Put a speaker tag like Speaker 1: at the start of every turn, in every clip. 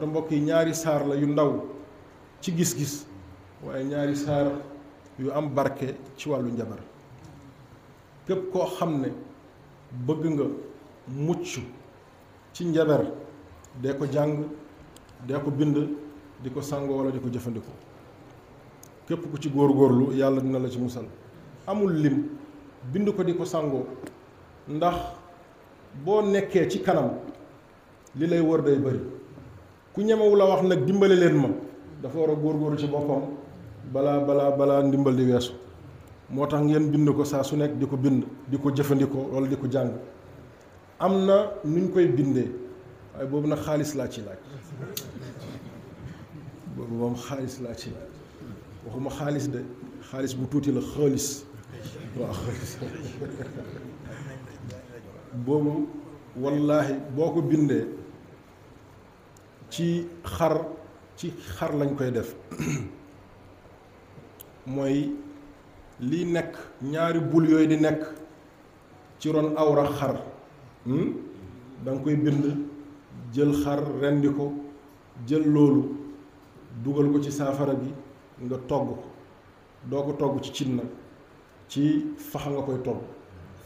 Speaker 1: moo mbokk yi ñaari saar la yu ndaw ci gis-gis waaye ñaari saar yu am barke ci wàllu njabar képp koo xam ne bëgg nga mucc ci njabar dee ko jàng dee ko bind di ko sangoo wala di ko jëfandikoo képp ku ci góorgóorlu yàlla dina la ci musal amul lim bind ko di ko sangoo ndax boo nekkee ci kanam li lay wër day bari ku ñemewu la wax nag dimbali leen ma dafa war a góorgóorlu ci boppam balaa balaa balaa ndimbal di weesu moo tax ngeen bind ko saa su nekk di ko bind di ko jëfandikoo walla di ko jàng am na nuñ koy bindee waaye boobu nag xaalis laa ci laaj boobu xaalis laa ci xaalis de xaalis bu tuuti la xaalis waaw xaalis boobu wallaahi boo ko bindee ci xar ci xar lañ koy def mooy li nekk ñaari bul yooyu di nekk ci ron awra xar hmm? danga koy bind jël xar rendi ko jël loolu dugal ko ci saafara bi nga togg ko doo ko togg ci cin na ci faxa nga koy togg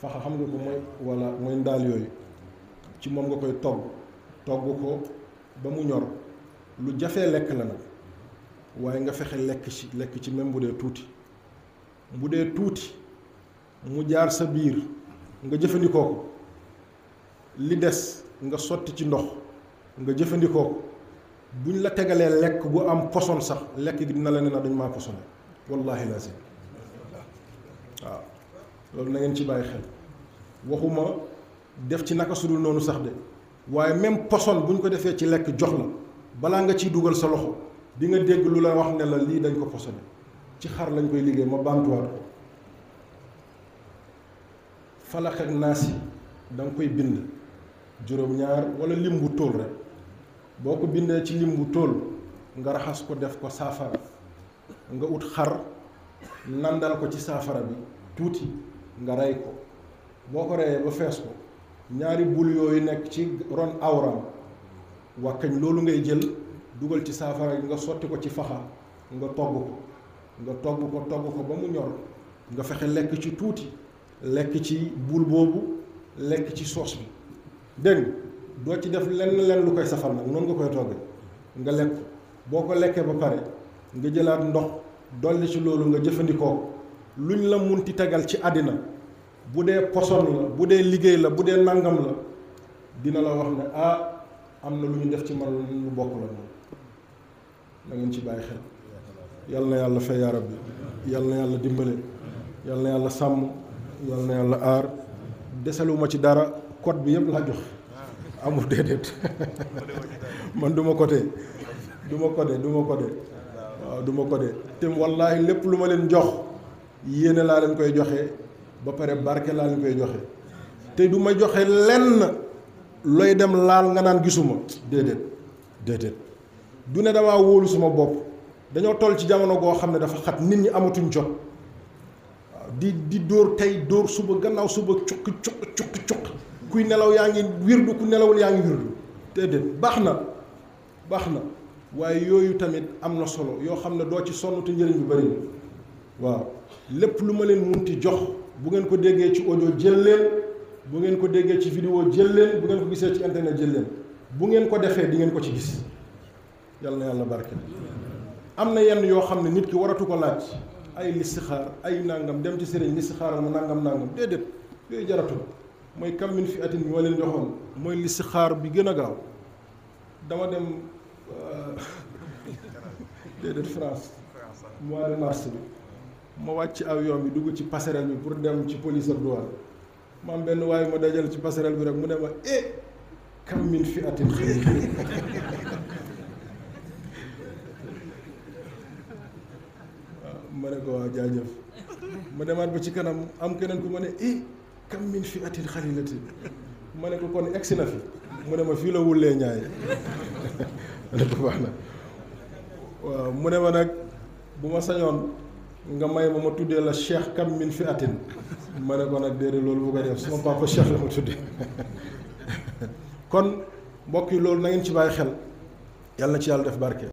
Speaker 1: faxa xam nga ko mooy walla mooy ndaal yooyu ci moom nga koy togg togg ko ba mu ñor lu jafee lekk la nag waaye nga fexe lekk ci lekk ci même bu dee tuuti bu dee tuuti mu jaar sa biir nga jëfandikoo ko li des nga sotti ci ndox nga jëfandikoo ko buñ la tegalee lekk bu am poson sax lekk gi dina la ne na dañ maa posone wallaahi lazim waaw loolu na ngeen ci bàyyi xel waxuma def ci naka sudul noonu sax de waaye même poson bu ñu ko defee ci lekk jox la balaa nga ciy dugal sa loxo di nga dégg lu la wax ne la lii dañ ko posone ci xar lañ koy liggéey ma baamtuwaat ko falax ak naas yi da nga koy bind juróom-ñaar wala lim bu tóol rek boo ko bindee ci lim bu tóol nga raxas ko def ko saafara nga wut xar nandal ko ci saafara bi tuuti nga rey ko boo ko reyee ba fees ko ñaari bul yooyu nekk ci ron awram wàkkañ loolu ngay jël dugal ci saafara nga sotti ko ci faxa nga togg ko nga togg ko togg ko ba mu ñor nga fexe lekk ci tuuti lekk ci bul boobu lekk ci soos bi dégg doo ci def lenn lenn lu koy safal nag noonu nga koy togge nga lekk boo ko lekkee ba pare nga jëlaat ndox dolli ci loolu nga jëfandikoo luñ la munti tegal ci àddina bu dee poson la bu dee liggéey la bu dee nangam la dina la wax ne ah am na lu ñu def ci man lu bokk la moom na ngeen ci bàyyi xel yal na yàlla fay yaa bi yal na yàlla dimbale yal na yàlla sàmm yal na yàlla aar desaluma ci dara code bi yëpp laa jox amul déedéet man duma ma côté du ma côté du ma côté waaw du ma côté te wallaahi lépp lu ma leen jox yéene laa leen koy joxe. ba pare barke laa ñu koy joxe te du ma joxe lenn looy dem laal nga naan gisuma déedéet déedéet du ne damaa wóolu suma bopp dañoo toll ci jamono goo xam ne dafa xat nit ñi amatuñ jot waaw di di dóor tey dóor suba gannaaw suba cuqi cuqi cuqi kuy nelaw yaa ngi wirdu ku nelawul yaa ngi wirdu déedéet baax na baax na waaye yooyu tamit am na solo yoo xam ne doo ci sonn te njëriñ bi bëri na waaw lépp lu ma leen munti jox bu ngeen ko déggee ci audio jël leen bu ngeen ko déggee ci vidéo jël bu ngeen ko gisee ci internet jël leen bu ngeen ko defee di ngeen ko ci gis yàlla na yàlla barke am na yenn yoo xam ne nit ki waratu ko laaj ay listixaar ay nangam dem ci sëriñ listixaaral ma nangam nangam déedéet yooyu jaratul mooy kam min fi atin bi ma leen joxoon mooy bi gën a gaaw dama dem euh, déedéet France mois de mars bi ma wàcc avion bi dugg ci passerelle bi pour dem ci police ak douane ma am benn waaye ma dajal ci passerelle bi rek mu ne ma eh kam min fi atin xëy ma ne ma demaat ci kanam am keneen ku ma ne eh, min fi atin xalilati ma ko kon egsi na fi mu ne ma fii la wullee ñaay ma ne ko baax na waaw mu ne ma nag bu ma sañoon nga may ba ma tuddee la cheikh kam min fi atin ma ne ko nag loolu bu ko def sama papa cheikh la ma tuddee kon mbokk yi loolu na ngeen ci bàyyi xel yàlla na ci yàlla def barke.